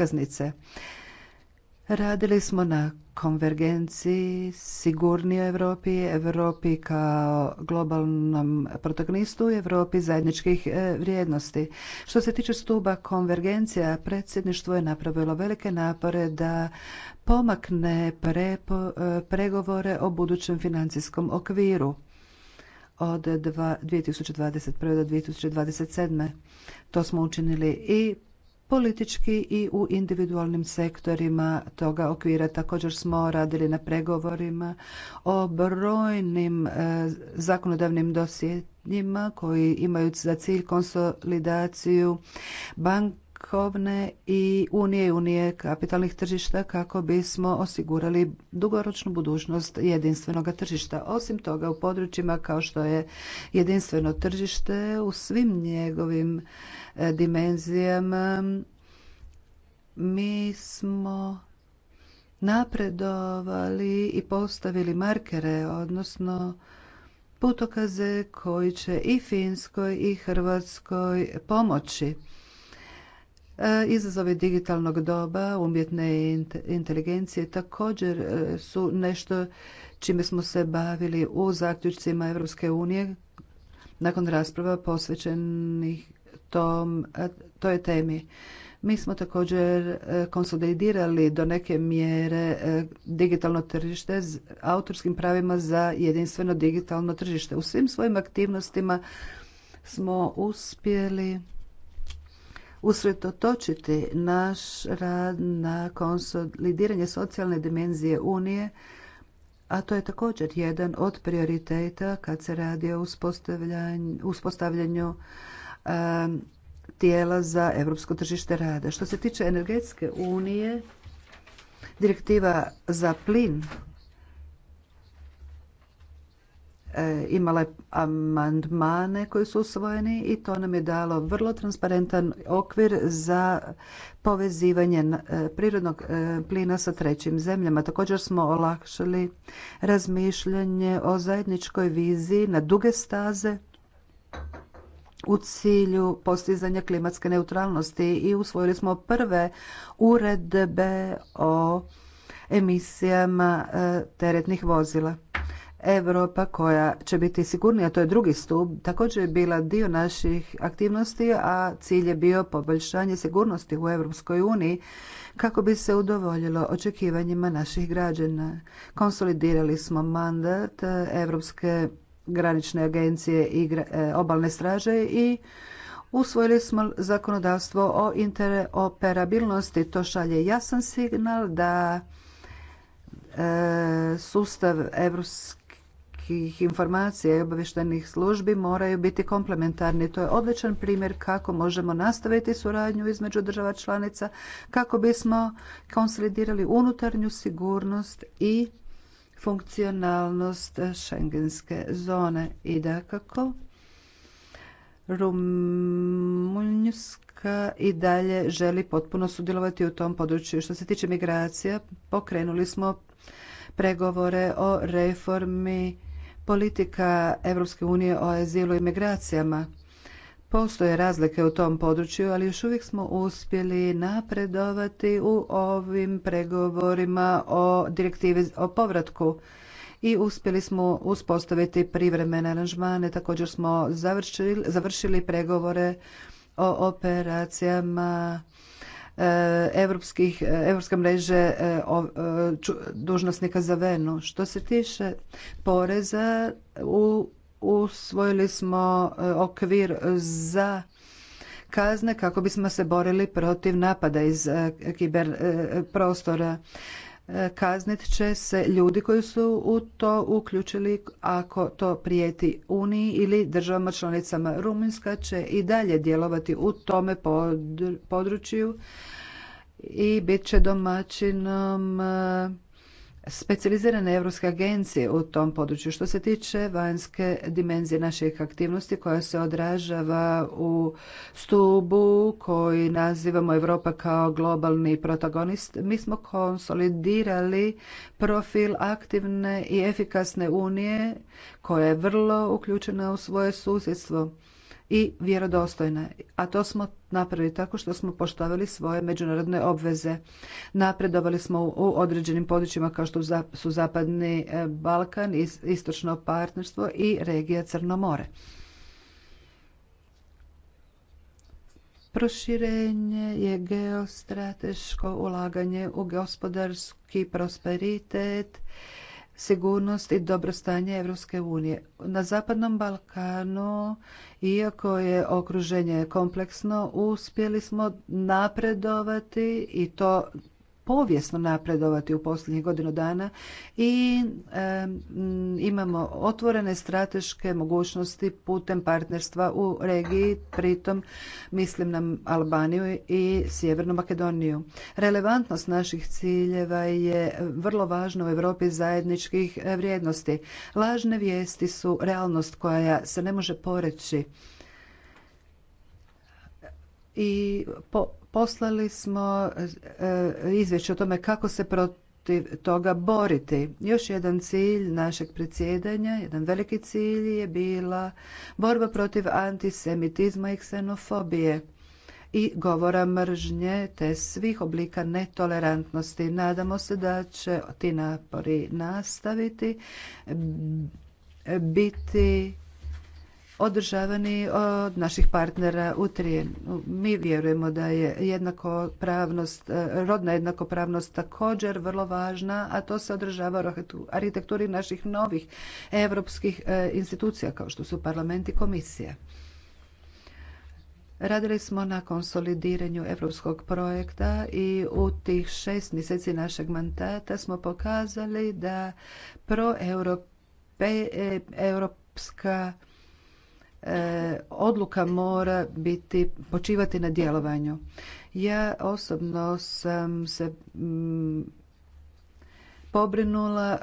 iskaznice. Radili smo na konvergenciji, sigurnijoj Europi, Europi kao globalnom protagonistu i Europi zajedničkih e, vrijednosti. Što se tiče stuba konvergencija, predsjedništvo je napravilo velike napore da pomakne e, pregovore o budućem financijskom okviru od 2021. do 2027. To smo učinili i politički i u individualnim sektorima toga okvira. Također smo radili na pregovorima o brojnim e, zakonodavnim dosjetnjima koji imaju za cilj konsolidaciju bank bankovne i unije i unije kapitalnih tržišta kako bismo osigurali dugoročnu budućnost jedinstvenog tržišta. Osim toga u područjima kao što je jedinstveno tržište u svim njegovim e, dimenzijama mi smo napredovali i postavili markere, odnosno putokaze koji će i Finskoj i Hrvatskoj pomoći E, izazovi digitalnog doba, umjetne inteligencije također e, su nešto čime smo se bavili u zaključcima Europske unije nakon rasprava posvećenih tom, e, toj temi. Mi smo također konsolidirali do neke mjere digitalno tržište s autorskim pravima za jedinstveno digitalno tržište. U svim svojim aktivnostima smo uspjeli usredotočiti naš rad na konsolidiranje socijalne dimenzije Unije, a to je također jedan od prioriteta kad se radi o uspostavljanju, tijela za europsko tržište rada. Što se tiče energetske unije, direktiva za plin E, imala amandmane koji su usvojeni i to nam je dalo vrlo transparentan okvir za povezivanje e, prirodnog e, plina sa trećim zemljama. Također smo olakšali razmišljanje o zajedničkoj viziji na duge staze u cilju postizanja klimatske neutralnosti i usvojili smo prve uredbe o emisijama teretnih vozila. Europa koja će biti sigurnija, to je drugi stup, također je bila dio naših aktivnosti, a cilj je bio poboljšanje sigurnosti u Europskoj uniji kako bi se udovoljilo očekivanjima naših građana. Konsolidirali smo mandat Europske granične agencije i e, obalne straže i Usvojili smo zakonodavstvo o interoperabilnosti. To šalje jasan signal da e, sustav EU informacije informacija i obavještajnih službi moraju biti komplementarni. To je odličan primjer kako možemo nastaviti suradnju između država članica kako bismo konsolidirali unutarnju sigurnost i funkcionalnost šengenske zone. I da kako Rumunjska i dalje želi potpuno sudjelovati u tom području. Što se tiče migracija, pokrenuli smo pregovore o reformi politika Europske unije o azilu i migracijama. Postoje razlike u tom području, ali još uvijek smo uspjeli napredovati u ovim pregovorima o direktivi o povratku i uspjeli smo uspostaviti privremene aranžmane. Također smo završili pregovore o operacijama europskih, europske mreže e, dužnosnika za Venu. Što se tiše poreza, usvojili smo e, okvir za kazne kako bismo se borili protiv napada iz e, kiber prostora kaznit će se ljudi koji su u to uključili ako to prijeti Uniji ili državama članicama. Rumunjska će i dalje djelovati u tome području i bit će domaćinom specializirane europske agencije u tom području. Što se tiče vanjske dimenzije naših aktivnosti koja se odražava u stubu koji nazivamo Europa kao globalni protagonist, mi smo konsolidirali profil aktivne i efikasne unije koja je vrlo uključena u svoje susjedstvo i vjerodostojna. A to smo napravili tako što smo poštovali svoje međunarodne obveze. Napredovali smo u određenim područjima kao što su Zapadni e, Balkan, Istočno partnerstvo i regija Crno more. Proširenje je geostrateško ulaganje u gospodarski prosperitet, sigurnost i dobrostanje Europske unije. Na Zapadnom Balkanu, iako je okruženje kompleksno, uspjeli smo napredovati i to povijesno napredovati u posljednjih godinu dana i imamo otvorene strateške mogućnosti putem partnerstva u regiji, pritom mislim na Albaniju i Sjevernu Makedoniju. Relevantnost naših ciljeva je vrlo važna u Europi zajedničkih vrijednosti. Lažne vijesti su realnost koja se ne može poreći i poslali smo e, izvješće o tome kako se protiv toga boriti. Još jedan cilj našeg predsjedanja, jedan veliki cilj je bila borba protiv antisemitizma i ksenofobije i govora mržnje te svih oblika netolerantnosti. Nadamo se da će ti napori nastaviti biti održavani od naših partnera u tri Mi vjerujemo da je jednakopravnost, e, rodna jednakopravnost također vrlo važna, a to se održava u arhitekturi naših novih europskih e, institucija kao što su parlament i komisija. Radili smo na konsolidiranju europskog projekta i u tih šest mjeseci našeg mandata smo pokazali da proeuropska e, E, odluka mora biti počivati na djelovanju. Ja osobno sam se mm, pobrinula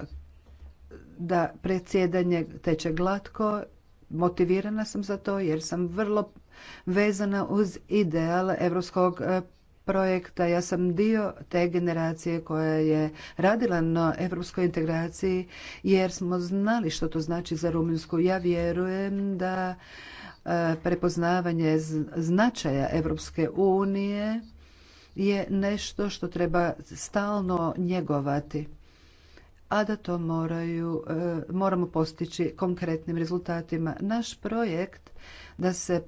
da predsjedanje teče glatko. Motivirana sam za to jer sam vrlo vezana uz ideal Europskog e, projekta. Ja sam dio te generacije koja je radila na europskoj integraciji jer smo znali što to znači za Rumunsku. Ja vjerujem da e, prepoznavanje značaja Evropske unije je nešto što treba stalno njegovati a da to moraju, e, moramo postići konkretnim rezultatima. Naš projekt da se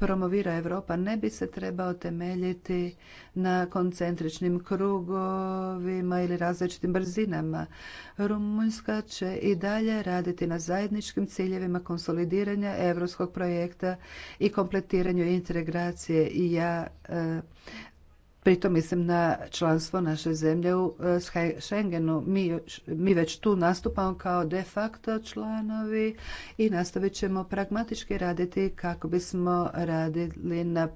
promovira Europa ne bi se trebao temeljiti na koncentričnim krugovima ili različitim brzinama. Rumunjska će i dalje raditi na zajedničkim ciljevima konsolidiranja europskog projekta i kompletiranju integracije i ja e, Pritom mislim na članstvo naše zemlje u e, Schengenu. Mi, mi već tu nastupamo kao de facto članovi i nastavit ćemo pragmatički raditi kako bismo radili na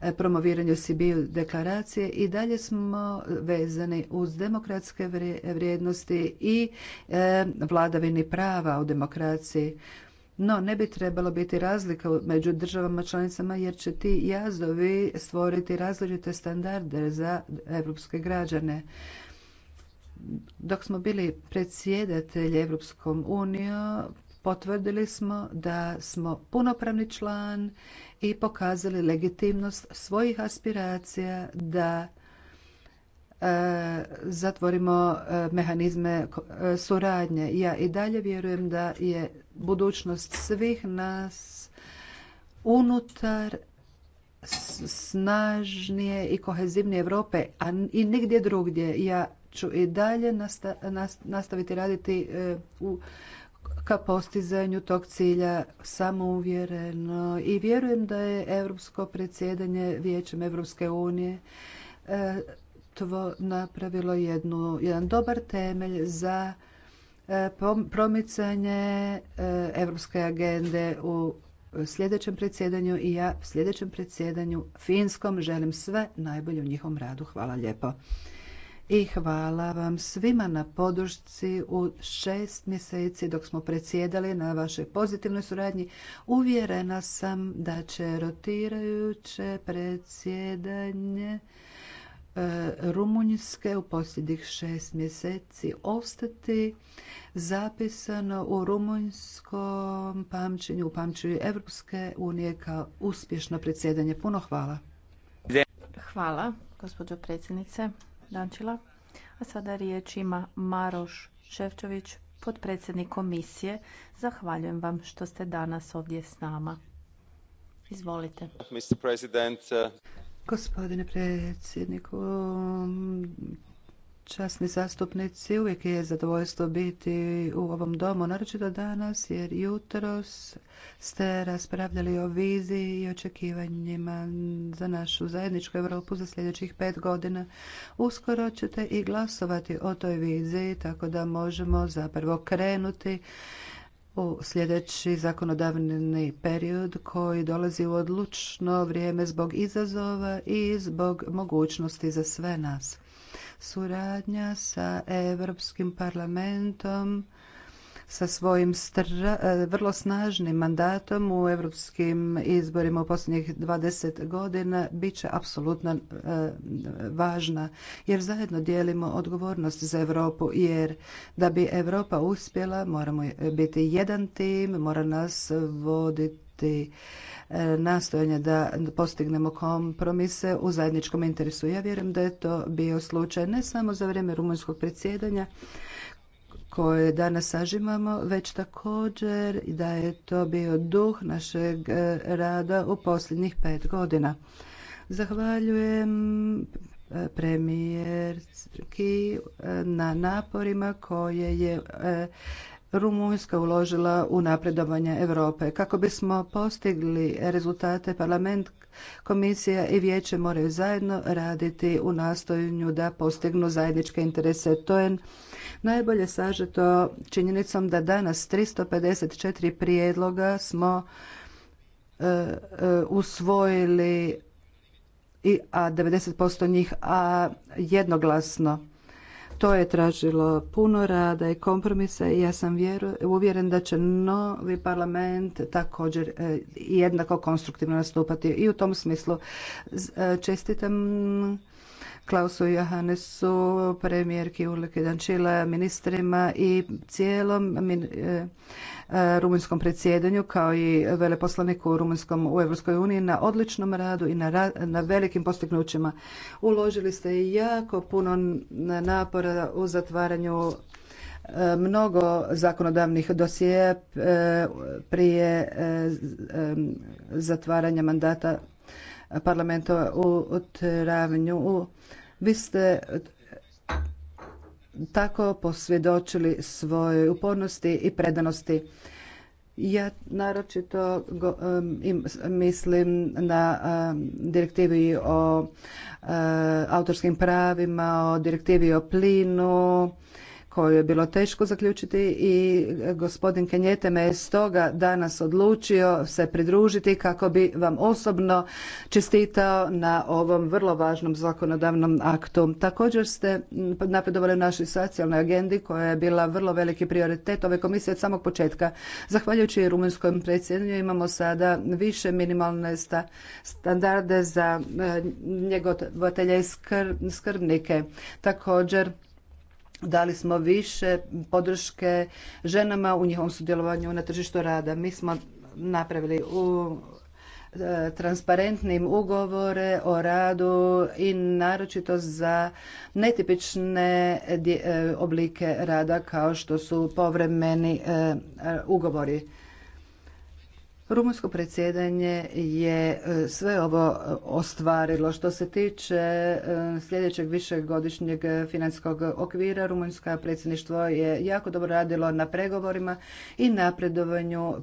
e, promoviranju Sibiju deklaracije i dalje smo vezani uz demokratske vrijednosti i e, vladavini prava u demokraciji. No, ne bi trebalo biti razlika među državama članicama jer će ti jazovi stvoriti različite standarde za europske građane. Dok smo bili predsjedatelj Europskom unijom, potvrdili smo da smo punopravni član i pokazali legitimnost svojih aspiracija da e, zatvorimo e, mehanizme e, suradnje. Ja i dalje vjerujem da je budućnost svih nas unutar snažnije i kohezivnije Europe, a i nigdje drugdje. Ja ću i dalje nastaviti raditi eh, u ka postizanju tog cilja samouvjereno i vjerujem da je europsko predsjedanje Vijećem Europske unije eh, napravilo jednu, jedan dobar temelj za E, promicanje Europske agende u sljedećem predsjedanju i ja sljedećem predsjedanju Finskom želim sve najbolje u njihovom radu. Hvala lijepo. I hvala vam svima na podršci u šest mjeseci dok smo predsjedali na vašoj pozitivnoj suradnji. Uvjerena sam da će rotirajuće predsjedanje E, Rumunjske u posljednjih šest mjeseci ostati zapisano u rumunjskom pamćenju, u pamćenju Evropske unije kao uspješno predsjedanje. Puno hvala. Hvala, gospođo predsjednice Dančila. A sada riječ ima Maroš Ševčović, potpredsjednik komisije. Zahvaljujem vam što ste danas ovdje s nama. Izvolite. Mr. President, uh, Gospodine predsjedniku, časni zastupnici, uvijek je zadovoljstvo biti u ovom domu, naročito danas, jer jutros ste raspravljali o viziji i očekivanjima za našu zajedničku Europu za sljedećih pet godina. Uskoro ćete i glasovati o toj viziji, tako da možemo zapravo krenuti u sljedeći zakonodavni period koji dolazi u odlučno vrijeme zbog izazova i zbog mogućnosti za sve nas. Suradnja sa Europskim parlamentom sa svojim e, vrlo snažnim mandatom u europskim izborima u posljednjih 20 godina bit će apsolutno e, važna jer zajedno dijelimo odgovornost za Europu jer da bi Europa uspjela moramo biti jedan tim, mora nas voditi e, nastojanje da postignemo kompromise u zajedničkom interesu. Ja vjerujem da je to bio slučaj ne samo za vrijeme rumunjskog predsjedanja koje danas sažimamo, već također da je to bio duh našeg e, rada u posljednjih pet godina. Zahvaljujem e, premijerki e, na naporima koje je Rumunjska uložila u napredovanje Europe. Kako bismo postigli rezultate, parlament, komisija i vijeće moraju zajedno raditi u nastojanju da postignu zajedničke interese. To je najbolje sažeto činjenicom da danas 354 prijedloga smo e, e, usvojili i a 90% njih a jednoglasno. To je tražilo puno rada i kompromisa i ja sam uvjeren da će novi parlament također e, jednako konstruktivno nastupati i u tom smislu e, čestitam Klausu Johannesu, premijerki Ulrike Dančila, ministrima i cijelom e, e, rumunjskom predsjedanju kao i veleposlaniku u Rumunjskom u Europskoj uniji na odličnom radu i na, na velikim postignućima. Uložili ste jako puno napora u zatvaranju e, mnogo zakonodavnih dosije prije zatvaranja mandata parlamenta u travnju vi ste tako posvjedočili svojoj upornosti i predanosti. Ja naročito go, mislim na um, direktivi o autorskim pravima, o direktivi o plinu, koju je bilo teško zaključiti i gospodin Kenjete me je stoga danas odlučio se pridružiti kako bi vam osobno čestitao na ovom vrlo važnom zakonodavnom aktu. Također ste napredovali u našoj socijalnoj agendi koja je bila vrlo veliki prioritet ove komisije od samog početka. Zahvaljujući rumunjskom predsjednju imamo sada više minimalne sta, standarde za e, njegovatelje skrbnike. Također dali smo više podrške ženama u njihovom sudjelovanju na tržištu rada. Mi smo napravili u e, transparentnim ugovore o radu i naročito za netipične e, oblike rada kao što su povremeni e, ugovori. Rumunjsko predsjedanje je e, sve ovo e, ostvarilo. Što se tiče e, sljedećeg višegodišnjeg financijskog okvira, Rumunjska predsjedništvo je jako dobro radilo na pregovorima i napredovanju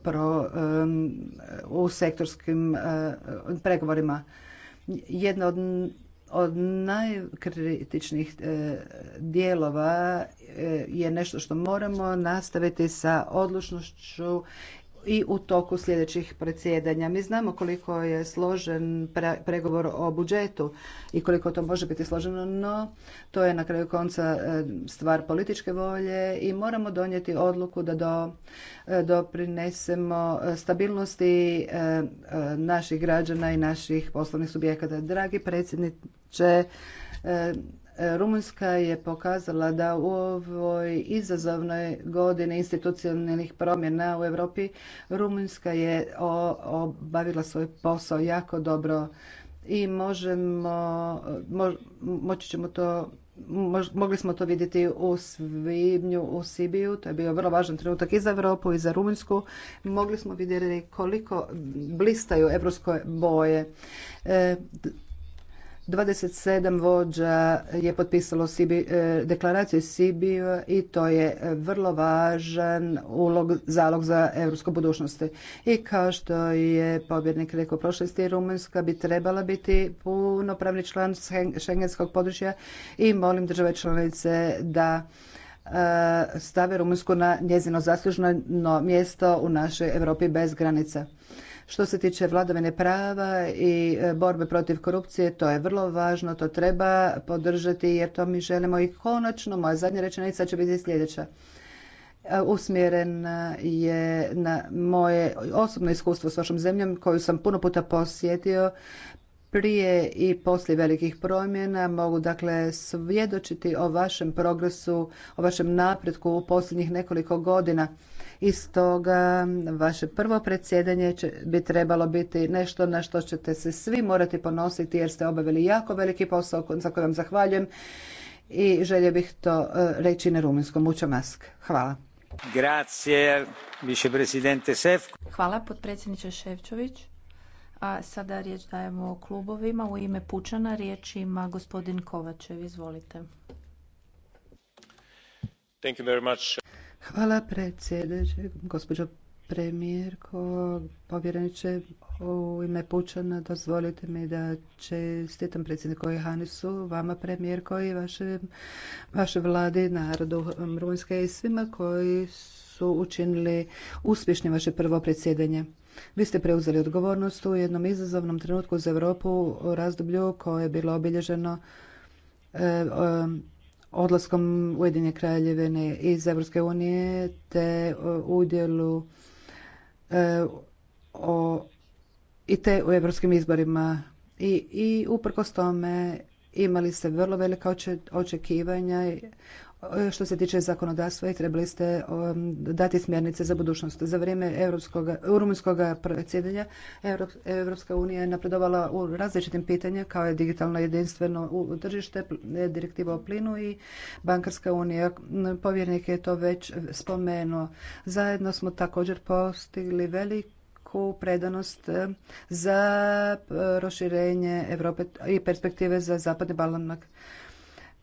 u sektorskim pregovorima. Jedna od od dijelova je nešto što moramo nastaviti sa odlučnošću i u toku sljedećih predsjedanja. Mi znamo koliko je složen pregovor o budžetu i koliko to može biti složeno, no to je na kraju konca e, stvar političke volje i moramo donijeti odluku da do, e, doprinesemo stabilnosti e, naših građana i naših poslovnih subjekata. Dragi predsjedniče, Rumunjska je pokazala da u ovoj izazovnoj godini institucionalnih promjena u Europi Rumunjska je obavila svoj posao jako dobro i možemo moći ćemo to mogli smo to vidjeti u svibnju u Sibiju, to je bio vrlo važan trenutak i za Europu i za Rumunjsku. Mogli smo vidjeti koliko blistaju evropske boje. E, 27 vođa je potpisalo Sibi, e, deklaraciju Sibiju i to je vrlo važan ulog, zalog za europsku budućnost. I kao što je pobjednik rekao prošlosti, Rumunjska bi trebala biti punopravni član šengenskog područja i molim države članice da e, stave Rumunjsku na njezino zasluženo mjesto u našoj Europi bez granica. Što se tiče vladavine prava i e, borbe protiv korupcije, to je vrlo važno, to treba podržati jer to mi želimo i konačno. Moja zadnja rečenica će biti sljedeća e, usmjerena je na moje osobno iskustvo s vašom zemljom koju sam puno puta posjetio prije i poslije velikih promjena mogu dakle svjedočiti o vašem progresu, o vašem napretku u posljednjih nekoliko godina i stoga vaše prvo predsjedanje bi trebalo biti nešto na što ćete se svi morati ponositi jer ste obavili jako veliki posao za koji vam zahvaljujem i želio bih to e, reći na rumunjskom. Mucho Hvala. Hvala, potpredsjedniče Ševčović. A sada riječ dajemo o klubovima. U ime Pučana riječ ima gospodin Kovačev. Izvolite. Hvala predsjedniče, gospođo premijerko, povjereniče, u ime Pučana dozvolite mi da čestitam predsjedniku hanisu vama premijerko i vaše, vaše vladi, narodu Rumunjske i svima koji su učinili uspješnim vaše prvo predsjedanje. Vi ste preuzeli odgovornost u jednom izazovnom trenutku za Europu u razdoblju koje je bilo obilježeno e, odlaskom Ujedinje kraljevine iz Europske unije te e, udjelu e, i te u europskim izborima. I, i uprkos tome imali ste vrlo velika očekivanja što se tiče zakonodavstva i trebali ste um, dati smjernice za budućnost. Za vrijeme rumunjskog predsjedanja Europska unija je napredovala u različitim pitanjima kao je digitalno jedinstveno tržište, direktiva o plinu i bankarska unija. Povjernik je to već spomenuo. Zajedno smo također postigli veliku predanost um, za uh, proširenje Europe i perspektive za zapadni balonak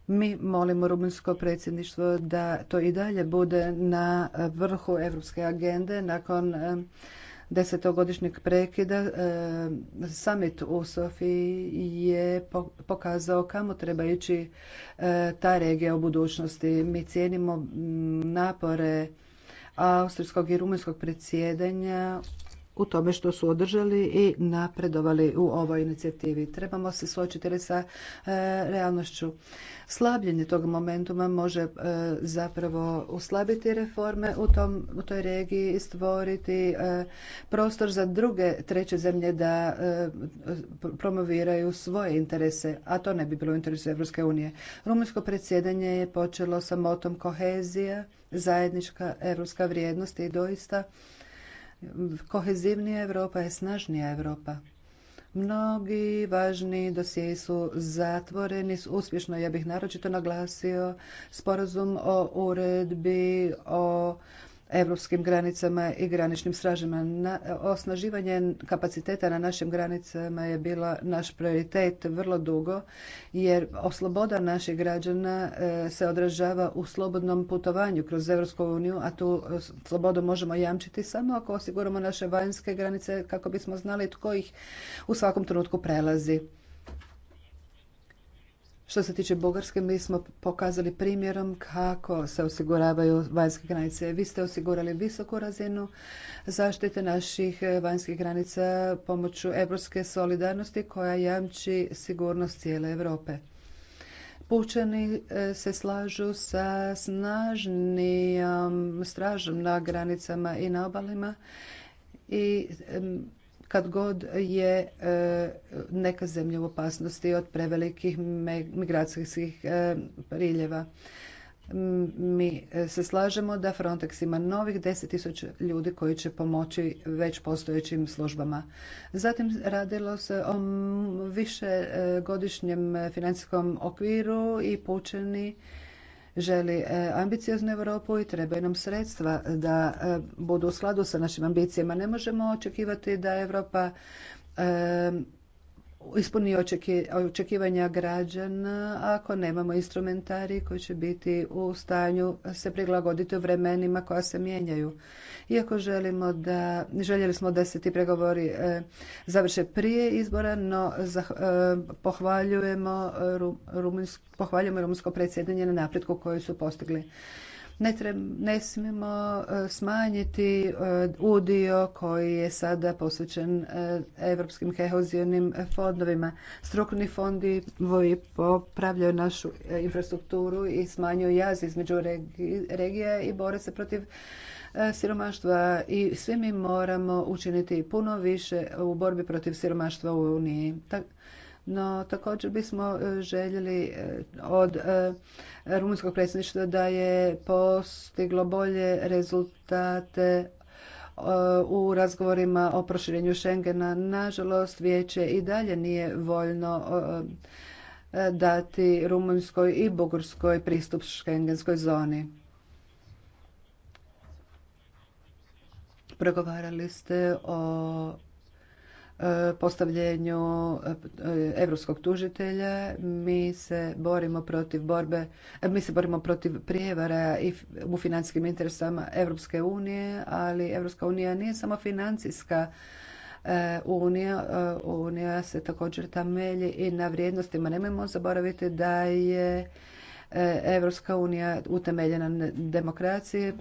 mi molimo rumunsko predsjedništvo da to i dalje bude na vrhu europske agende nakon e, desetogodišnjeg prekida e, summit u Sofiji je pokazao kamo treba ići e, ta regija u budućnosti. Mi cijenimo napore austrijskog i rumunjskog predsjedanja u tome što su održali i napredovali u ovoj inicijativi. Trebamo se suočiti sa e, realnošću. Slabljenje tog momentuma može e, zapravo uslabiti reforme u, tom, u toj regiji i stvoriti e, prostor za druge treće zemlje da promoviraju svoje interese, a to ne bi bilo u interesu Evropske unije. Rumunjsko predsjedanje je počelo sa motom kohezija, zajednička evropska vrijednost i doista kohezivnija Europa je snažnija Europa. Mnogi važni dosije su zatvoreni. Uspješno ja bih naročito naglasio sporazum o uredbi o europskim granicama i graničnim stražima. osnaživanje kapaciteta na našim granicama je bila naš prioritet vrlo dugo jer osloboda naših građana e, se odražava u slobodnom putovanju kroz Evropsku uniju, a tu e, slobodu možemo jamčiti samo ako osiguramo naše vanjske granice kako bismo znali tko ih u svakom trenutku prelazi. Što se tiče Bugarske, mi smo pokazali primjerom kako se osiguravaju vanjske granice. Vi ste osigurali visoku razinu zaštite naših vanjskih granica pomoću evropske solidarnosti koja jamči sigurnost cijele Europe. Pučani e, se slažu sa snažnijom stražom na granicama i na obalima i kad god je e, neka zemlja u opasnosti od prevelikih migracijskih e, priljeva. Mi e, se slažemo da Frontex ima novih 10.000 ljudi koji će pomoći već postojećim službama. Zatim radilo se o više godišnjem financijskom okviru i pučeni želi e, ambicioznu Europu i trebaju nam sredstva da e, budu u skladu sa našim ambicijama. Ne možemo očekivati da Europa e, ispuni očekivanja građana ako nemamo instrumentari koji će biti u stanju se prilagoditi u vremenima koja se mijenjaju. Iako želimo da, željeli smo da se ti pregovori e, završe prije izbora, no e, pohvaljujemo, e, pohvaljujemo rumunsko predsjedanje na napretku koju su postigli. Ne, tre ne smijemo e, smanjiti e, udio koji je sada posvećen europskim kohezionim fondovima. Strukturni fondi popravljaju našu e, infrastrukturu i smanjuju jaz između regija i bore se protiv siromaštva i svi mi moramo učiniti puno više u borbi protiv siromaštva u Uniji. No također bismo e, željeli e, od e, rumunjskog predsjedništva da je postiglo bolje rezultate u razgovorima o proširenju Schengena. Nažalost, vijeće i dalje nije voljno dati Rumunjskoj i Bugarskoj pristup Schengenskoj zoni. Pregovarali ste o E, postavljenju europskog tužitelja. Mi se borimo protiv borbe, e, mi se borimo protiv prijevara i u financijskim interesama Europske unije, ali Europska unija nije samo financijska e, unija. Unija se također temelji i na vrijednostima. Nemojmo zaboraviti da je Evropska unija utemeljena na demokraciji, e,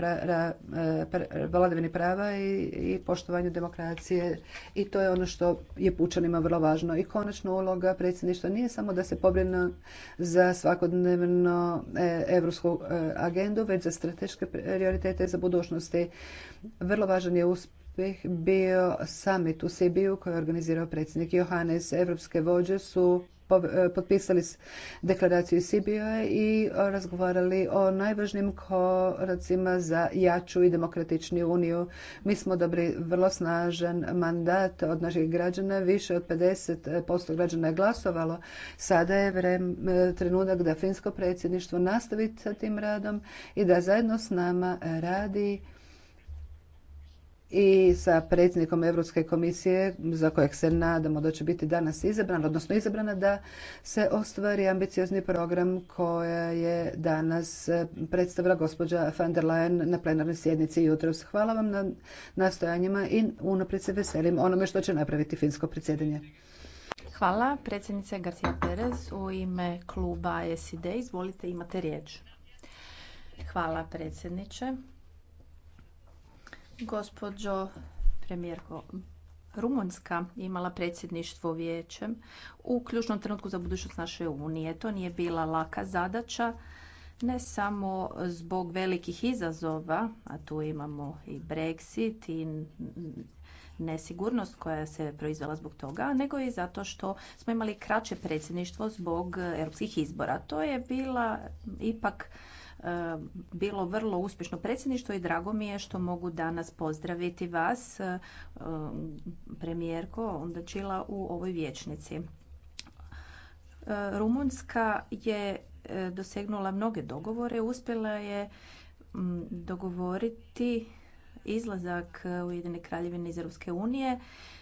vladavini prava i, poštovanju demokracije i to je ono što je pučanima vrlo važno. I konačno uloga predsjedništva nije samo da se pobrine za svakodnevno e, evropsku e, agendu, već za strateške prioritete za budućnosti. Vrlo važan je uspjeh bio summit u Sibiju koji je organizirao predsjednik Johannes. Evropske vođe su E, potpisali deklaraciju Sibija i razgovarali o najvažnijim koracima za jaču i demokratičniju uniju. Mi smo dobili vrlo snažan mandat od naših građana. Više od 50% građana je glasovalo. Sada je e, trenutak da finsko predsjedništvo nastavi sa tim radom i da zajedno s nama radi i sa predsjednikom Europske komisije za kojeg se nadamo da će biti danas izabran, odnosno izabrana da se ostvari ambiciozni program koja je danas eh, predstavila gospođa van der Leyen na plenarnoj sjednici jutros. Hvala vam na nastojanjima i unaprijed se veselim onome što će napraviti finsko predsjedanje. Hvala. Predsjednice Garcia Perez u ime kluba SID. Izvolite, imate riječ. Hvala predsjedniče. Gospođo premijerko, Rumunjska imala predsjedništvo vijećem u ključnom trenutku za budućnost naše Unije. To nije bila laka zadaća, ne samo zbog velikih izazova, a tu imamo i Brexit i nesigurnost koja se proizvela zbog toga, nego i zato što smo imali kraće predsjedništvo zbog europskih izbora. To je bila ipak E, bilo vrlo uspješno predsjedništvo i drago mi je što mogu danas pozdraviti vas, e, premijerko onda Čila, u ovoj vječnici. E, Rumunjska je dosegnula mnoge dogovore, uspjela je dogovoriti izlazak Ujedine kraljevine iz Europske unije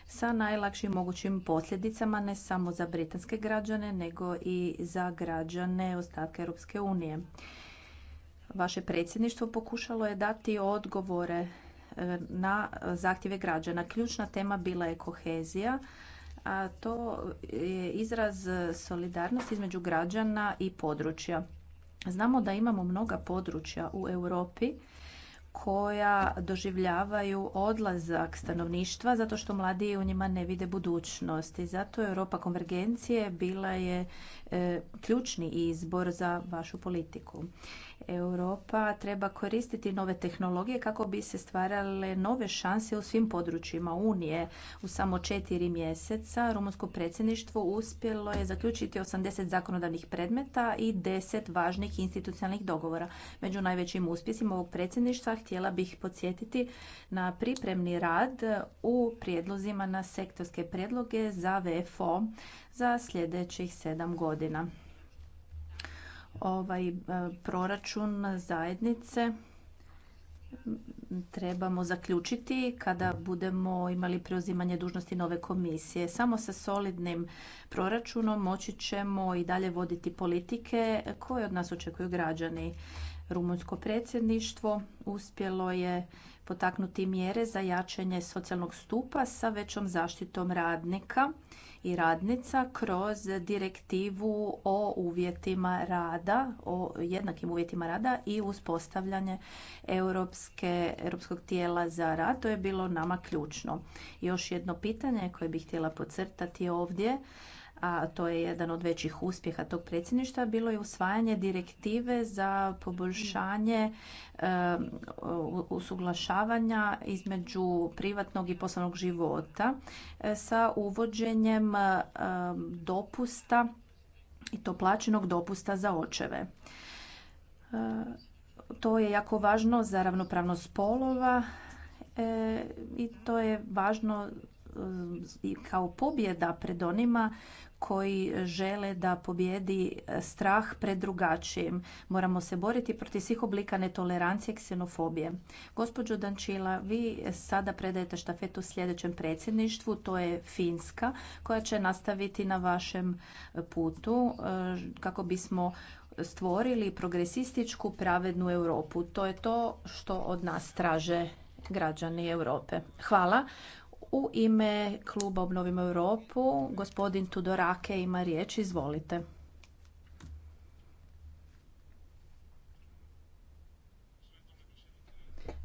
sa najlakšim mogućim posljedicama ne samo za britanske građane nego i za građane ostatka Europske unije. Vaše predsjedništvo pokušalo je dati odgovore e, na zahtjeve građana. Ključna tema bila je kohezija, a to je izraz solidarnosti između građana i područja. Znamo da imamo mnoga područja u Europi koja doživljavaju odlazak stanovništva zato što mladi u njima ne vide budućnost i zato Europa konvergencije bila je e, ključni izbor za vašu politiku. Europa treba koristiti nove tehnologije kako bi se stvarale nove šanse u svim područjima Unije. U samo četiri mjeseca rumunsko predsjedništvo uspjelo je zaključiti 80 zakonodavnih predmeta i 10 važnih institucionalnih dogovora. Među najvećim uspjesima ovog predsjedništva htjela bih podsjetiti na pripremni rad u prijedlozima na sektorske prijedloge za VFO za sljedećih sedam godina. Ovaj e, proračun zajednice trebamo zaključiti kada budemo imali preuzimanje dužnosti nove komisije. Samo sa solidnim proračunom moći ćemo i dalje voditi politike koje od nas očekuju građani. Rumunsko predsjedništvo uspjelo je potaknuti mjere za jačanje socijalnog stupa sa većom zaštitom radnika i radnica kroz direktivu o uvjetima rada, o jednakim uvjetima rada i uspostavljanje Europskog tijela za rad. To je bilo nama ključno. Još jedno pitanje koje bih htjela podcrtati ovdje a to je jedan od većih uspjeha tog predsjedništva, bilo je usvajanje direktive za poboljšanje usuglašavanja između privatnog i poslovnog života e, sa uvođenjem dopusta i to plaćenog dopusta za očeve. E, to je jako važno za ravnopravnost spolova e, i to je važno i kao pobjeda pred onima koji žele da pobjedi e, strah pred drugačijim. Moramo se boriti protiv svih oblika netolerancije i ksenofobije. Gospođo Dančila, vi sada predajete štafetu sljedećem predsjedništvu, to je Finska, koja će nastaviti na vašem putu e, kako bismo stvorili progresističku pravednu Europu. To je to što od nas traže građani Europe. Hvala. U ime kluba Obnovimo Europu, gospodin Tudorake ima riječ, izvolite.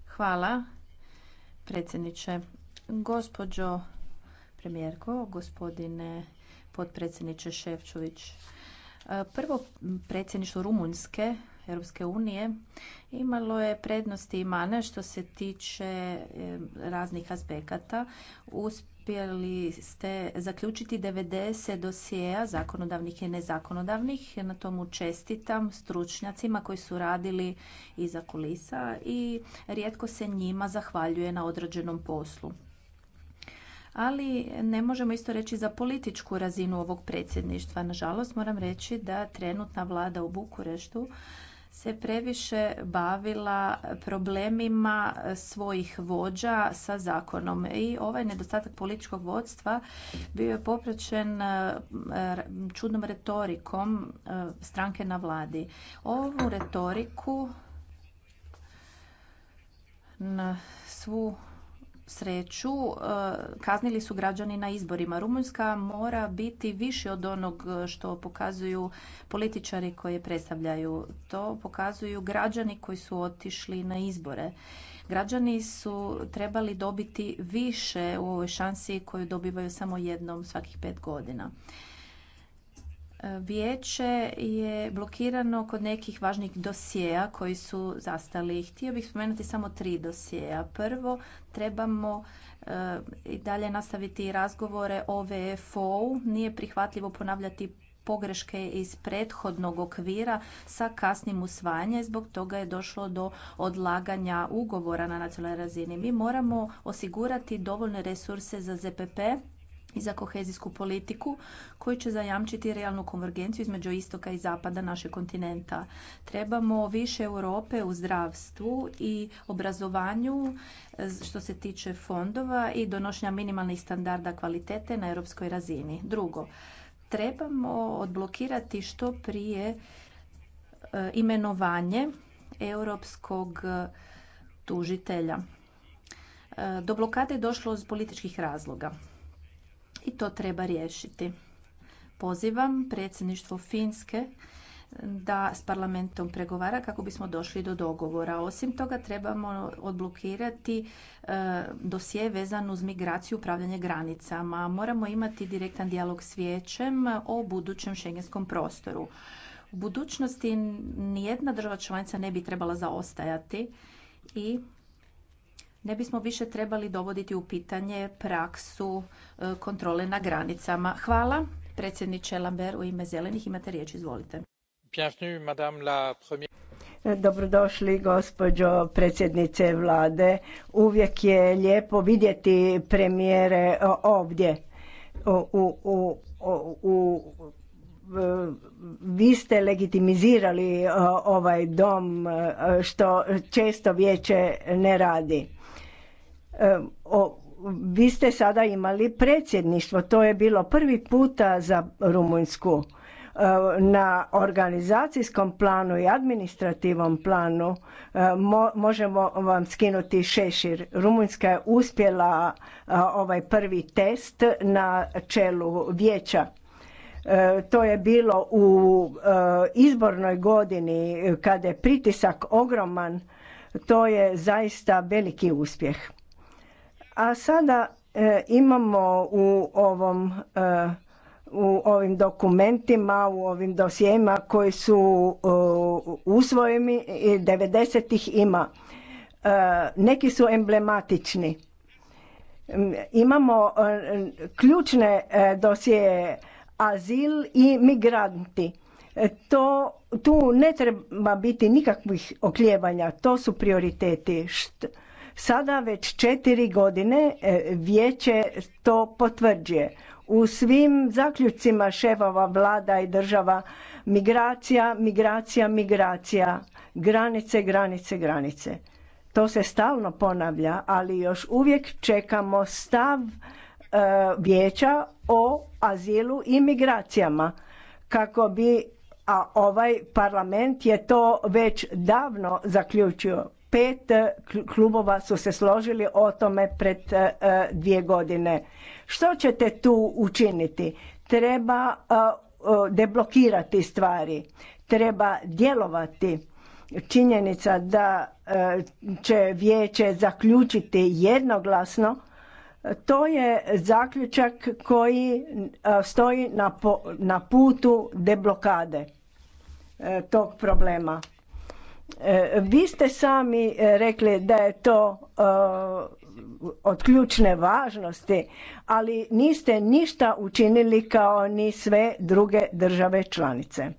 Hvala, predsjedniče. Gospođo premijerko, gospodine potpredsjedniče Ševčović, prvo predsjedništvo Rumunjske Europske unije imalo je prednosti i mane što se tiče e, raznih aspekata. Uspjeli ste zaključiti 90 dosijeja, zakonodavnih i nezakonodavnih. Na tomu čestitam stručnjacima koji su radili iza kulisa i rijetko se njima zahvaljuje na odrađenom poslu ali ne možemo isto reći za političku razinu ovog predsjedništva. Nažalost, moram reći da trenutna vlada u Bukureštu se previše bavila problemima svojih vođa sa zakonom i ovaj nedostatak političkog vodstva bio je popraćen e, čudnom retorikom e, stranke na vladi. Ovu retoriku na svu sreću e, kaznili su građani na izborima. Rumunjska mora biti više od onog e, što pokazuju političari koje predstavljaju. To pokazuju građani koji su otišli na izbore. Građani su trebali dobiti više u ovoj šansi koju dobivaju samo jednom svakih pet godina. Vijeće je blokirano kod nekih važnih dosjeja koji su zastali. Htio bih spomenuti samo tri dosjeja. Prvo, trebamo eh, i dalje nastaviti razgovore o VFO-u. Nije prihvatljivo ponavljati pogreške iz prethodnog okvira sa kasnim usvajanjem. Zbog toga je došlo do odlaganja ugovora na nacionalnoj razini. Mi moramo osigurati dovoljne resurse za ZPP i za kohezijsku politiku koji će zajamčiti realnu konvergenciju između istoka i zapada našeg kontinenta. Trebamo više Europe u zdravstvu i obrazovanju e, što se tiče fondova i donošenja minimalnih standarda kvalitete na europskoj razini. Drugo, trebamo odblokirati što prije e, imenovanje europskog e, tužitelja. Do blokade je došlo iz političkih razloga i to treba riješiti. Pozivam predsjedništvo Finske eh, da s parlamentom pregovara kako bismo došli do dogovora. Osim toga trebamo odblokirati eh, dosije vezan uz migraciju upravljanje granicama. Moramo imati direktan dijalog s vijećem o budućem šengenskom prostoru. U budućnosti nijedna država članica ne bi trebala zaostajati i ne bismo više trebali dovoditi u pitanje praksu e, kontrole na granicama. Hvala. Predsjedniče Lambert u ime zelenih imate riječ, izvolite. Dobrodošli gospođo predsjednice vlade. Uvijek je lijepo vidjeti premijere e, ovdje. U, u, u e, vi ste legitimizirali ovaj dom što često vijeće ne radi o, vi ste sada imali predsjedništvo, to je bilo prvi puta za Rumunjsku. E, na organizacijskom planu i administrativnom planu e, možemo vam skinuti šešir. Rumunjska je uspjela e, ovaj prvi test na čelu vijeća. To je bilo u izbornoj godini kada je pritisak ogroman. To je zaista veliki uspjeh. A sada e, imamo u ovom e, u ovim dokumentima, u ovim dosijema koji su e, usvojeni i 90-ih ima. Neki su emblematični. Imamo ključne dosije azil i migranti. To, tu ne treba biti nikakvih okljevanja, to su prioriteti. Št Sada već četiri godine e, vijeće to potvrđuje. U svim zaključcima šefova vlada i država migracija, migracija, migracija, granice, granice, granice. To se stalno ponavlja, ali još uvijek čekamo stav e, vijeća o azilu i migracijama kako bi a ovaj parlament je to već davno zaključio Pet eh, klubova su se složili o tome pred eh, eh, dvije godine. Što ćete tu učiniti? Treba deblokirati stvari, treba djelovati. Činjenica da će vijeće zaključiti jednoglasno to je zaključak koji stoji na putu deblokade tog problema. E, vi ste sami e, rekli da je to e, od ključne važnosti, ali niste ništa učinili kao ni sve druge države članice.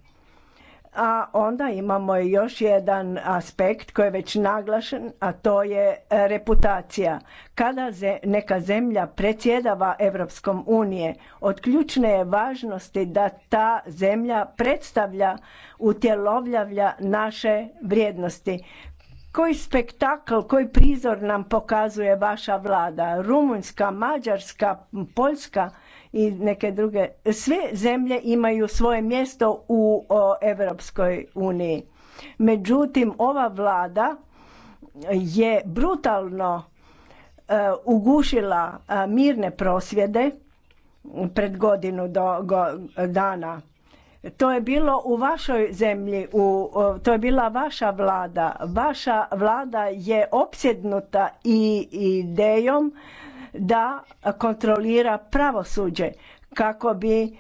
A onda imamo još jedan aspekt koji je već naglašen, a to je reputacija. Kada neka zemlja predsjedava Europskom unije, od ključne je važnosti da ta zemlja predstavlja, utjelovljavlja naše vrijednosti. Koji spektakl, koji prizor nam pokazuje vaša vlada? Rumunjska, Mađarska, Poljska – i neke druge. Sve zemlje imaju svoje mjesto u Europskoj uniji. Međutim, ova vlada je brutalno e, ugušila e, mirne prosvjede pred godinu do dana. To je bilo u vašoj zemlji, u, to je bila vaša vlada. Vaša vlada je opsjednuta i idejom da kontrolira pravosuđe kako bi e,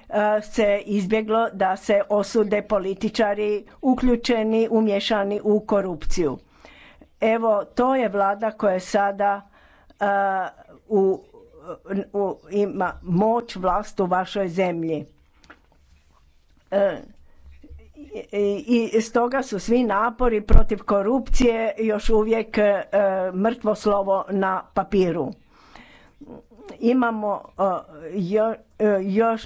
se izbjeglo da se osude političari uključeni, umješani u korupciju. Evo, to je vlada koja sada e, u, ima moć vlast u vašoj zemlji. E, i, I stoga su svi napori protiv korupcije još uvijek mrtvo slovo na papiru imamo e, e, još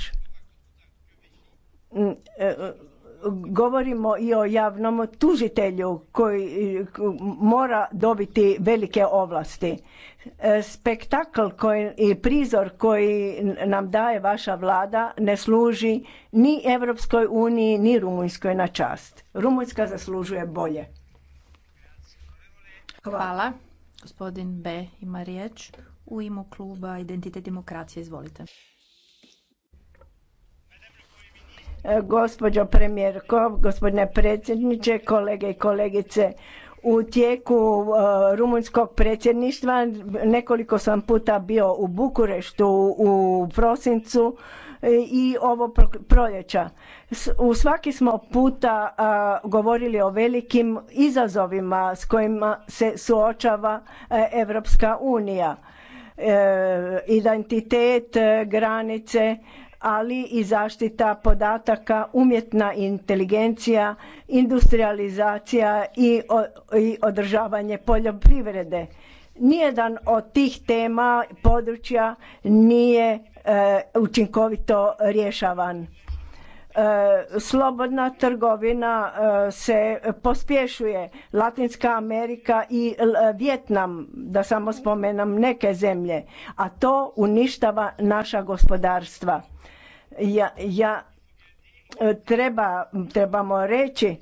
e, govorimo i o javnom tužitelju koji mora dobiti velike ovlasti. Spektakl koji, i prizor koji nam daje vaša vlada ne služi ni Europskoj uniji ni Rumunjskoj na čast. Rumunjska zaslužuje bolje. Hvala. Hvala. Gospodin B. ima riječ u imu kluba Identitet demokracije. Izvolite. E, gospođo premijerko, gospodine predsjedniče, kolege i kolegice, u tijeku e, rumunjskog predsjedništva nekoliko sam puta bio u Bukureštu u prosincu e, i ovo proljeća. U svaki smo puta govorili o velikim izazovima s kojima se suočava Europska unija Eh, identitet, eh, granice, ali i zaštita podataka, umjetna inteligencija, industrializacija i održavanje poljoprivrede. Nijedan od tih tema područja nije eh, učinkovito rješavan E, slobodna trgovina e, se pospješuje. Latinska Amerika i e, Vjetnam, da samo spomenem neke zemlje, a to uništava naša gospodarstva. Ja, treba, trebamo reći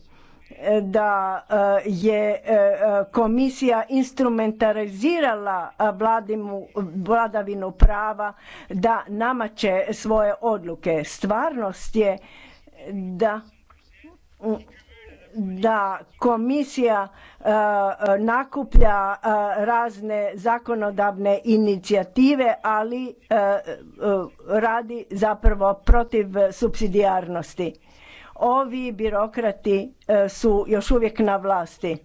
da eh, je eh, komisija instrumentalizirala eh, vladavinu prava da namače svoje odluke. Stvarnost je da da komisija nakuplja razne zakonodavne inicijative, ali radi zapravo protiv subsidijarnosti ovi birokrati e, su još uvijek na vlasti.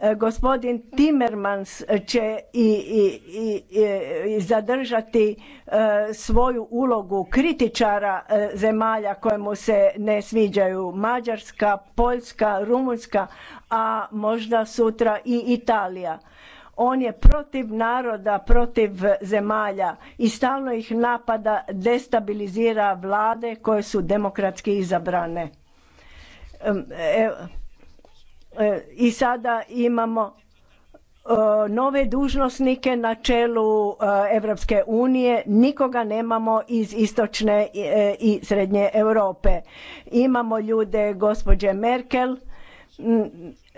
E, gospodin Timmermans će i, i, i, i zadržati e, svoju ulogu kritičara zemalja kojemu se ne sviđaju. Mađarska, Poljska, Rumunjska, a možda sutra i Italija on je protiv naroda, protiv zemalja i stalno ih napada, destabilizira vlade koje su demokratski izabrane. E, e, I sada imamo e, nove dužnosnike na čelu Europske unije, nikoga nemamo iz istočne i srednje Europe. Imamo ljude gospođe Merkel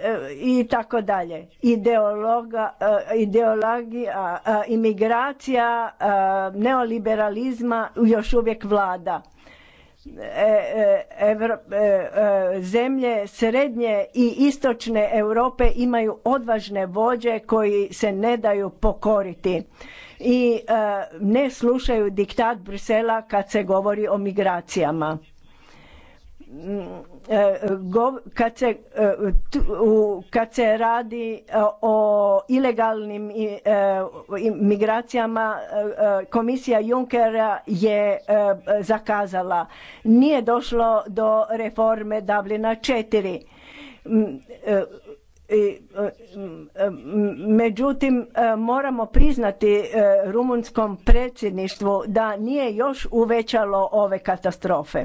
E, i tako dalje. Ideologa, e, ideologija, imigracija, e, neoliberalizma još uvijek vlada. zemlje srednje i istočne Europe imaju odvažne vođe koji se ne daju pokoriti i ne slušaju diktat Brisela kad se govori o migracijama kad se, e, kad se radi e, o ilegalnim e, migracijama komisija Junckera je zakazala. Nije došlo do reforme Dublina 4. Međutim, moramo priznati rumunskom predsjedništvu da nije još uvećalo ove katastrofe.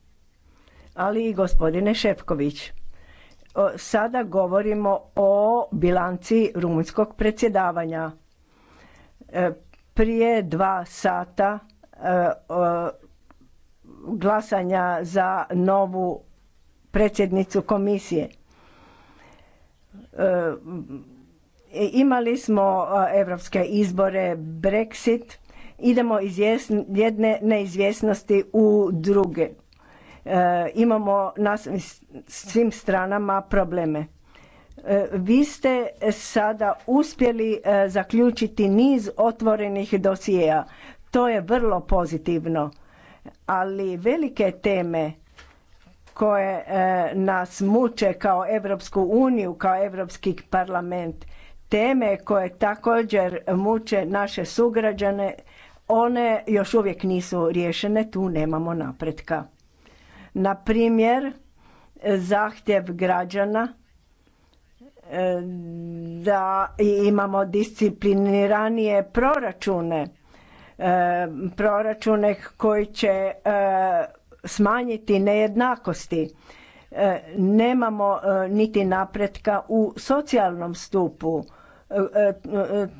ali i gospodine Šefković. Sada govorimo o bilanci rumunskog predsjedavanja. E, prije dva sata e, glasanja za novu predsjednicu komisije. E, imali smo evropske izbore, Brexit, idemo iz jedne neizvjesnosti u druge E, imamo na svim stranama probleme. E, vi ste sada uspjeli e, zaključiti niz otvorenih dosijeja. To je vrlo pozitivno, ali velike teme koje nas muče kao Europsku uniju, kao Europski parlament, teme koje također muče naše sugrađane, one još uvijek nisu riješene, tu nemamo napretka. Na primjer, zahtjev građana e, da imamo discipliniranije proračune, e, proračune koji će e, smanjiti nejednakosti. Nemamo niti napretka u socijalnom stupu.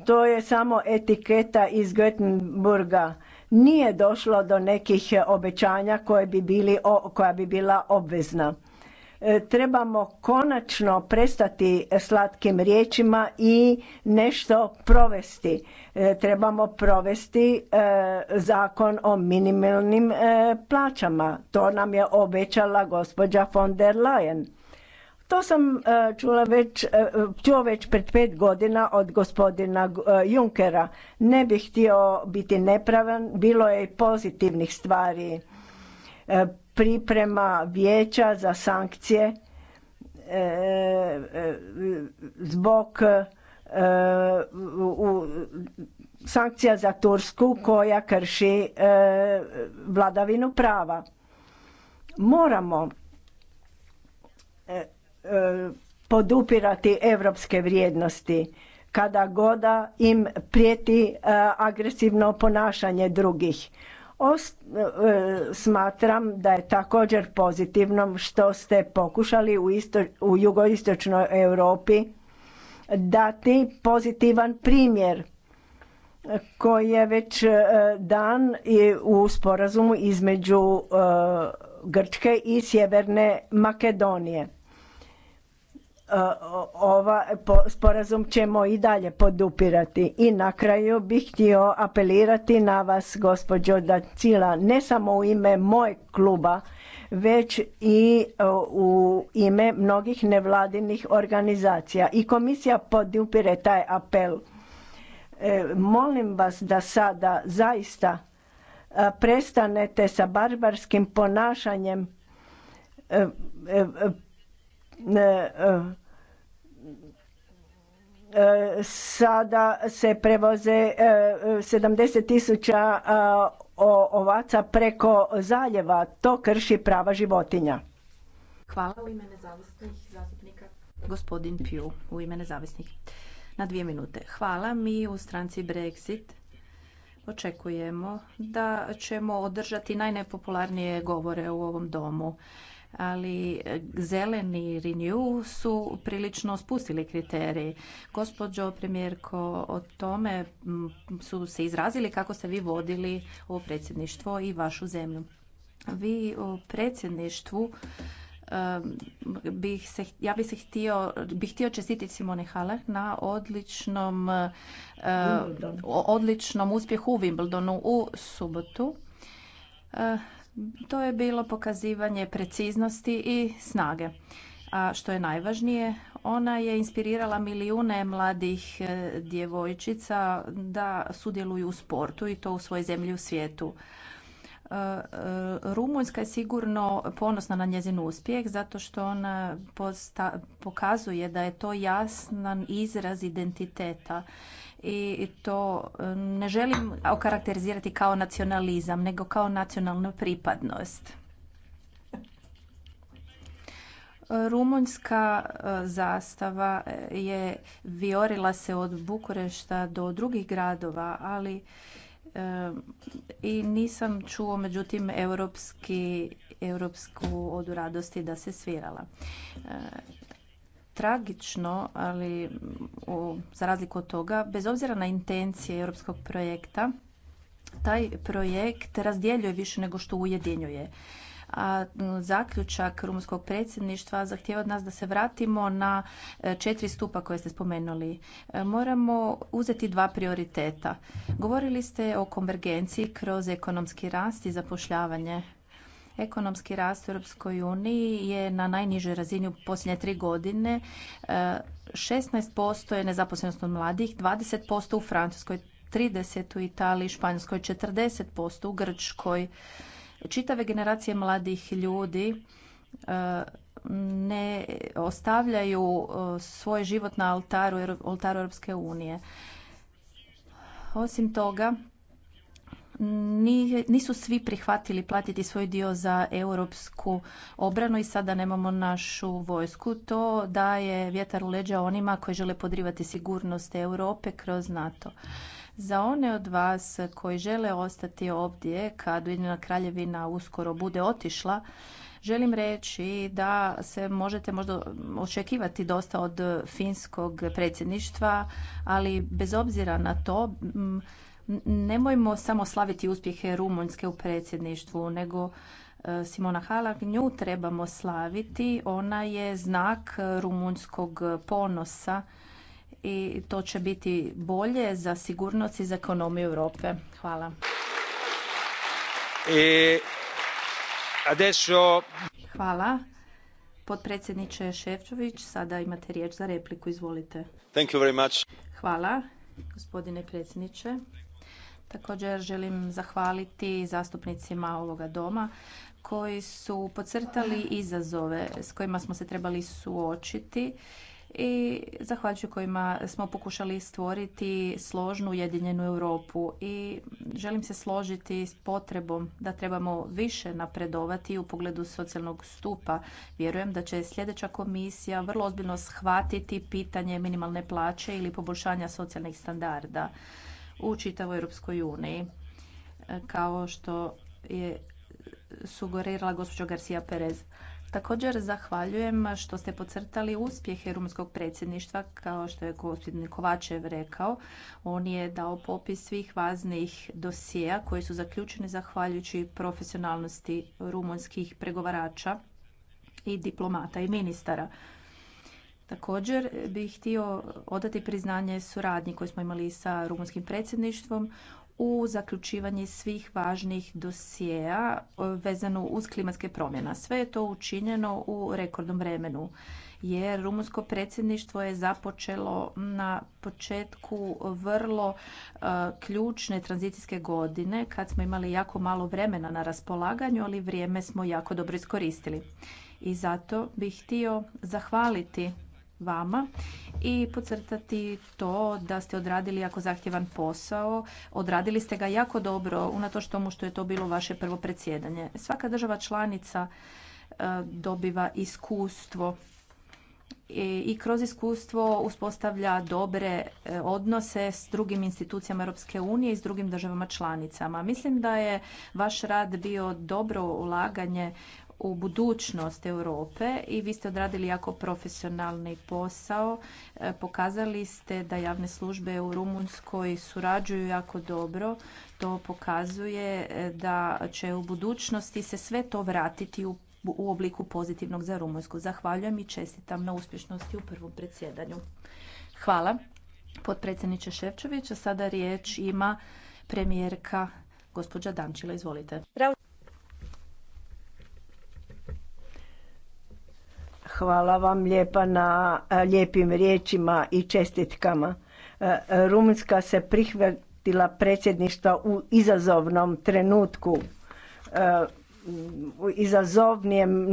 To je samo etiketa iz Göteborga nije došlo do nekih obećanja koje bi bili, koja bi bila obvezna. E, trebamo konačno prestati slatkim riječima i nešto provesti. E, trebamo provesti e, zakon o minimalnim plaćama. To nam je obećala gospođa von der Leyen to sam e, čula već, e, e, čuo već pred pet godina od gospodina Junkera. Ne bih htio biti nepravan, bilo je i pozitivnih stvari. Priprema vijeća za sankcije zbog sankcija za Tursku koja krši vladavinu prava. Moramo podupirati europske vrijednosti kada goda im prijeti e, agresivno ponašanje drugih. E, smatram da je također pozitivno što ste pokušali u, jugoistočnoj Europi dati pozitivan primjer koji je već e, dan u sporazumu između Grčke i Sjeverne Makedonije. E, ova sporazum ćemo i dalje podupirati. I na kraju bih htio apelirati na vas, gospođo cila ne samo u ime mojeg kluba, već i e, u ime mnogih nevladinih organizacija. I komisija podupire taj apel. E, molim vas da sada zaista prestanete sa barbarskim ponašanjem sada se prevoze 70 e, tisuća e, ovaca preko zaljeva. To krši prava životinja. Hvala u ime nezavisnih zastupnika. Gospodin Piu u ime nezavisnih. Na dvije minute. Hvala. Mi u stranci Brexit očekujemo da ćemo održati najnepopularnije govore u ovom domu ali eh, zeleni Renew su prilično spustili kriterij. Gospođo premijerko, o tome mm, su se izrazili kako ste vi vodili ovo predsjedništvo i vašu zemlju. Vi u predsjedništvu eh, bih se, ja bih se htio, bih htio čestititi Simone Haller na odličnom, eh, odličnom uspjehu u Wimbledonu u subotu. To je bilo pokazivanje preciznosti i snage. A što je najvažnije, ona je inspirirala milijune mladih e, djevojčica da sudjeluju u sportu i to u svojoj zemlji u svijetu. E, e, Rumunjska je sigurno ponosna na njezin uspjeh zato što ona pokazuje da je to jasan izraz identiteta i to e, ne želim okarakterizirati kao nacionalizam, nego kao nacionalnu pripadnost. Rumunjska e, zastava e, je viorila se od Bukurešta do drugih gradova, ali i nisam čuo međutim europski, europsku odu radosti da se svirala tragično, ali za razliku od toga, bez obzira na intencije europskog projekta, taj projekt razdjeljuje više nego što ujedinjuje. A zaključak rumunskog predsjedništva zahtjeva od nas da se vratimo na e, četiri stupa koje ste spomenuli. E, moramo uzeti dva prioriteta. Govorili ste o konvergenciji kroz ekonomski rast i zapošljavanje Ekonomski rast u Europskoj uniji je na najnižoj razini u posljednje tri godine. 16% e, je nezaposlenost od mladih, 20% u Francuskoj, 30% u Italiji, Španjolskoj, 40% u Grčkoj. Čitave generacije mladih ljudi e, ne ostavljaju e, svoj život na oltaru, oltaru Europske unije. Osim toga, nisu svi prihvatili platiti svoj dio za europsku obranu i sada nemamo našu vojsku. To daje vjetar u leđa onima koji žele podrivati sigurnost Europe kroz NATO. Za one od vas koji žele ostati ovdje kad Ujedinjena kraljevina uskoro bude otišla, želim reći da se možete možda očekivati dosta od finskog predsjedništva, ali bez obzira na to nemojmo samo slaviti uspjehe Rumunjske u predsjedništvu, nego e, Simona Halak, nju trebamo slaviti. Ona je znak rumunjskog ponosa i to će biti bolje za sigurnost i za ekonomiju Europe. Hvala. E, adesso... Hvala. Potpredsjedniče Ševčović. sada imate riječ za repliku, izvolite. Thank you very much. Hvala, gospodine predsjedniče. Također želim zahvaliti zastupnicima ovoga doma koji su podcrtali izazove s kojima smo se trebali suočiti i zahvaljujući kojima smo pokušali stvoriti složnu ujedinjenu Europu i želim se složiti s potrebom da trebamo više napredovati u pogledu socijalnog stupa. Vjerujem da će sljedeća komisija vrlo ozbiljno shvatiti pitanje minimalne plaće ili poboljšanja socijalnih standarda u čitavoj Europskoj uniji e, kao što je sugerirala gospođa Garcia Perez. Također zahvaljujem što ste pocrtali uspjehe rumunskog predsjedništva, kao što je gospodin Kovačev rekao. On je dao popis svih važnih dosijeja koji su zaključeni zahvaljujući profesionalnosti rumunskih pregovarača i diplomata i ministara. Također bih htio odati priznanje suradnji koju smo imali sa rumunskim predsjedništvom u zaključivanje svih važnih dosjea e, vezano uz klimatske promjene. Sve je to učinjeno u rekordnom vremenu jer rumunsko predsjedništvo je započelo na početku vrlo e, ključne tranzicijske godine kad smo imali jako malo vremena na raspolaganju, ali vrijeme smo jako dobro iskoristili. I zato bih htio zahvaliti vama i podcrtati to da ste odradili jako zahtjevan posao. Odradili ste ga jako dobro, unatoč tomu što je to bilo vaše prvo predsjedanje. Svaka država članica e, dobiva iskustvo i kroz iskustvo uspostavlja dobre e, odnose s drugim institucijama Europske unije i s drugim državama članicama. Mislim da je vaš rad bio dobro ulaganje u budućnost Europe i vi ste odradili jako profesionalni posao. E, pokazali ste da javne službe u Rumunjskoj surađuju jako dobro. To pokazuje e, da će u budućnosti se sve to vratiti u, obliku pozitivnog za Rumunjsku. Zahvaljujem i čestitam na uspješnosti u prvom predsjedanju. Hvala. Potpredsjedniče a sada riječ ima premijerka gospođa Dančila. Izvolite. Hvala vam lijepa na e, lijepim riječima i čestitkama. E, Rumunjska se prihvatila predsjedništva u izazovnom trenutku e, izazovnijem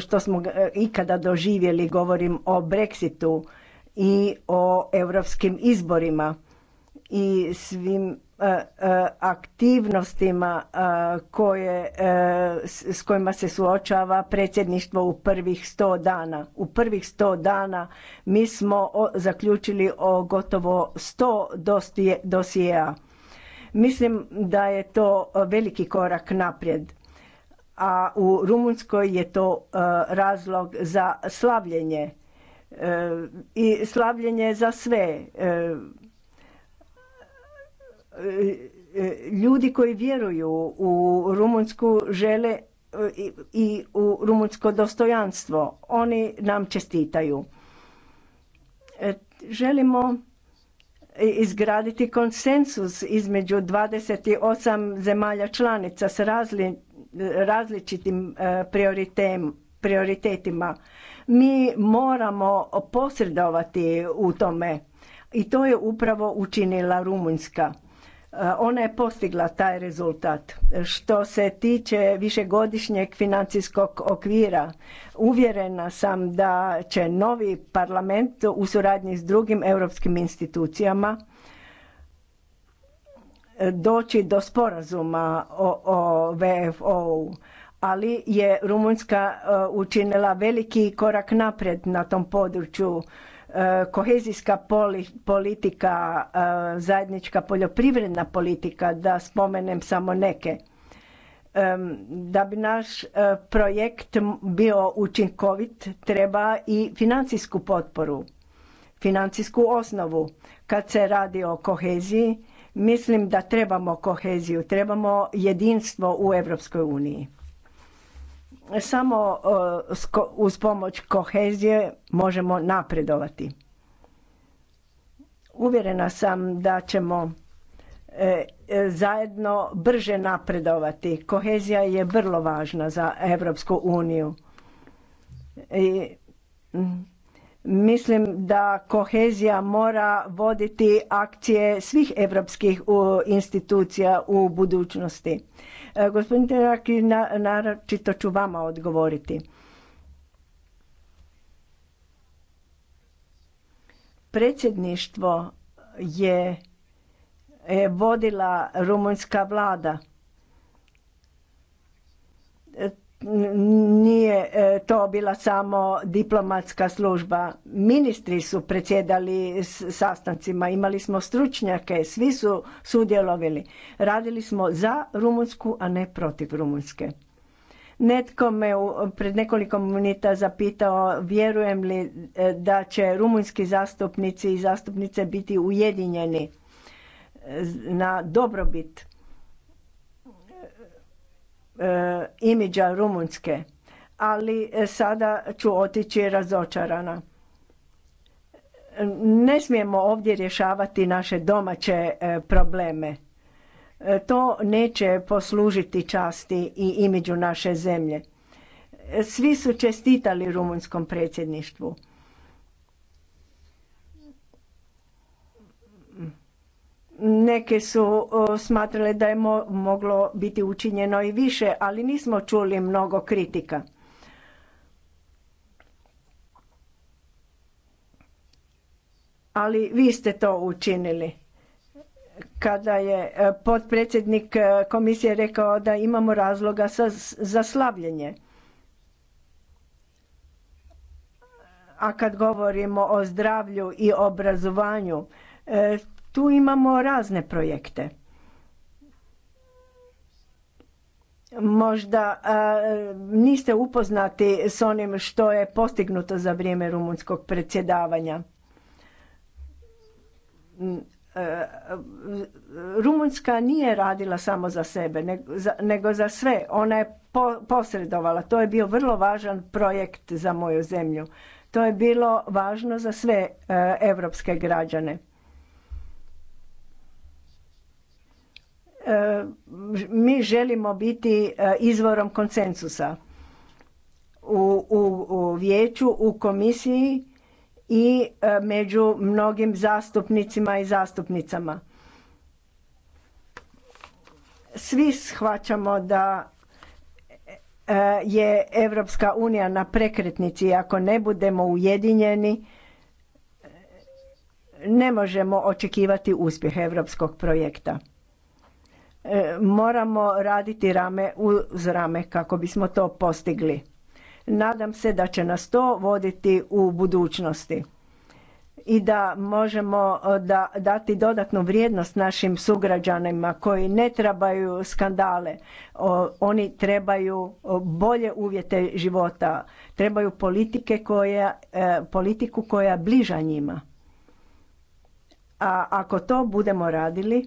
što smo ikada doživjeli, govorim o Brexitu i o europskim izborima i svim E, e, aktivnostima e, koje, s kojima se suočava predsjedništvo u prvih sto dana. U prvih sto dana mi smo zaključili o gotovo sto dosijeja. Mislim da je to veliki korak naprijed, a u Rumunskoj je to razlog za slavljenje i slavljenje za sve ljudi koji vjeruju u Rumunsku žele e, i u rumunsko dostojanstvo. Oni nam čestitaju. E, želimo izgraditi konsensus između 28 zemalja članica s razli, različitim e, prioritetima. Mi moramo posredovati u tome i to je upravo učinila Rumunjska Eh, ona je postigla taj rezultat. Što se tiče višegodišnjeg financijskog okvira, uvjerena sam da će novi parlament u suradnji s drugim europskim institucijama eh, doći do sporazuma o, o VFO-u, ali je Rumunjska eh, učinila veliki korak naprijed na tom području Eh, kohezijska politika, eh, zajednička poljoprivredna politika, da spomenem samo neke. Da bi naš eh, projekt bio učinkovit, treba i financijsku potporu, financijsku osnovu. Kad se radi o koheziji, mislim da trebamo koheziju, trebamo jedinstvo u Europskoj uniji. Samo e, uz pomoć kohezije možemo napredovati. Uvjerena sam da ćemo e, e, zajedno brže napredovati. Kohezija je vrlo važna za Europsku uniju. I mislim da kohezija mora voditi akcije svih europskih institucija u budućnosti. E, gospodin Terak, naročito ću vama odgovoriti. Predsjedništvo je e, vodila rumunjska vlada nije e, to bila samo diplomatska služba. Ministri su predsjedali sastancima, imali smo stručnjake, svi su sudjelovali. Radili smo za Rumunsku, a ne protiv Rumunske. Netko me pred nekoliko minuta zapitao vjerujem li e, da će rumunjski zastupnici i zastupnice biti ujedinjeni e, na dobrobit E, imidža Rumunjske, ali e, sada ću otići razočarana. Ne smijemo ovdje rješavati naše domaće e, probleme. To neće poslužiti časti i imidžu naše zemlje. Svi su čestitali rumunjskom predsjedništvu. Neke su smatrale da je moglo biti učinjeno i više, ali nismo čuli mnogo kritika. Ali vi ste to učinili. Kada je e, potpredsjednik e, komisije rekao da imamo razloga za slavljenje. A kad govorimo o zdravlju i obrazovanju, e, tu imamo razne projekte. Možda niste upoznati s onim što je postignuto za vrijeme rumunskog predsjedavanja. Mm, e, Rumunska nije radila samo za sebe, nego za, sve. Ona je posredovala. To je bio vrlo važan projekt za moju zemlju. To je bilo važno za sve europske građane. E, mi želimo biti e, izvorom konsenzusa u, u, vijeću, u komisiji i e, među mnogim zastupnicima i zastupnicama. Svi shvaćamo da je Europska unija na prekretnici i ako ne budemo ujedinjeni ne možemo očekivati uspjeh europskog projekta. E, moramo raditi rame uz rame kako bismo to postigli. Nadam se da će nas to voditi u budućnosti i da možemo e, da dati dodatnu vrijednost našim sugrađanima koji ne trebaju skandale oni trebaju e, bolje uvjete života trebaju politike koja, politiku koja bliža njima a ako to budemo radili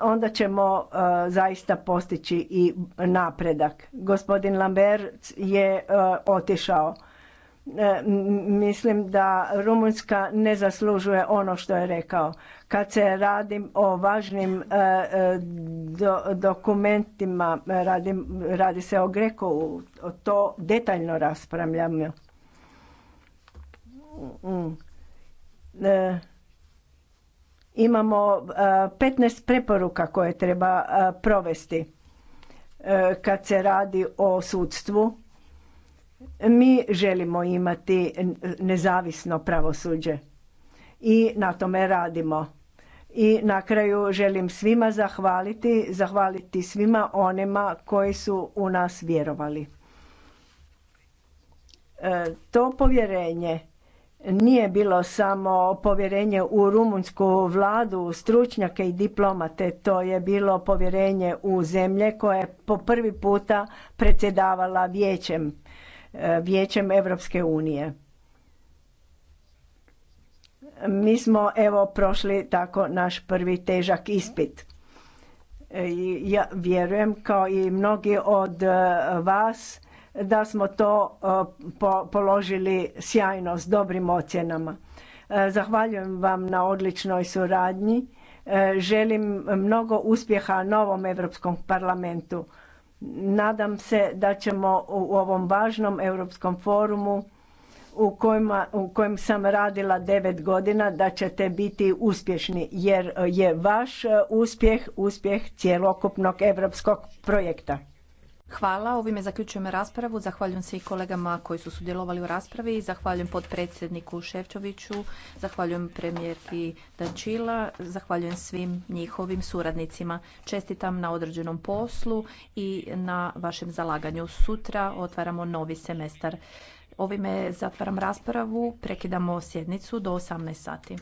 onda ćemo e, zaista postići i napredak. Gospodin Lambert je e, otišao. E, mislim da Rumunjska ne zaslužuje ono što je rekao. Kad se radim o važnim dokumentima, radi se o Grekovu, to detaljno raspravljam Mm. Imamo 15 e, preporuka koje treba e, provesti e, kad se radi o sudstvu. Mi želimo imati nezavisno pravosuđe i na tome radimo. I na kraju želim svima zahvaliti, zahvaliti svima onima koji su u nas vjerovali. To povjerenje nije bilo samo povjerenje u rumunsku vladu, stručnjake i diplomate, to je bilo povjerenje u zemlje koje je po prvi puta predsjedavala vijećem, e, vijećem Europske unije. Mi smo evo prošli tako naš prvi težak ispit. E, ja vjerujem kao i mnogi od e, vas da smo to e, položili sjajno s dobrim ocjenama. E, zahvaljujem vam na odličnoj suradnji. E, želim mnogo uspjeha novom Europskom parlamentu. Nadam se da ćemo u ovom važnom Europskom forumu u, kojem sam radila devet godina da ćete biti uspješni jer je vaš uspjeh uspjeh cjelokupnog europskog projekta. Hvala. Ovime zaključujem raspravu. Zahvaljujem svih kolegama koji su sudjelovali u raspravi. Zahvaljujem potpredsjedniku Ševčoviću. Zahvaljujem premijerki Dančila. Zahvaljujem svim njihovim suradnicima. Čestitam na određenom poslu i na vašem zalaganju. Sutra otvaramo novi semestar. Ovime zatvaram raspravu. Prekidamo sjednicu do 18 sati.